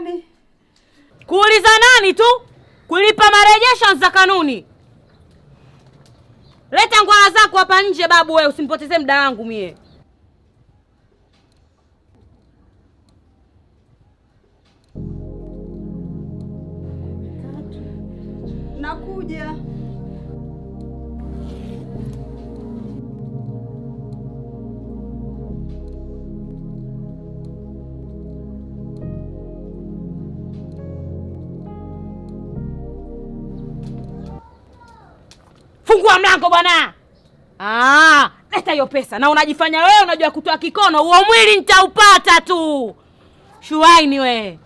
nani? kuuliza nani tu kulipa marejesho za kanuni. Leta ngwara zako hapa nje babu, wewe usimpotezee muda wangu mie. Nakuja. Fungua mlango bwana. Ah, leta hiyo pesa na unajifanya wewe unajua kutoa kikono, huo mwili nitaupata tu. Shuaini we.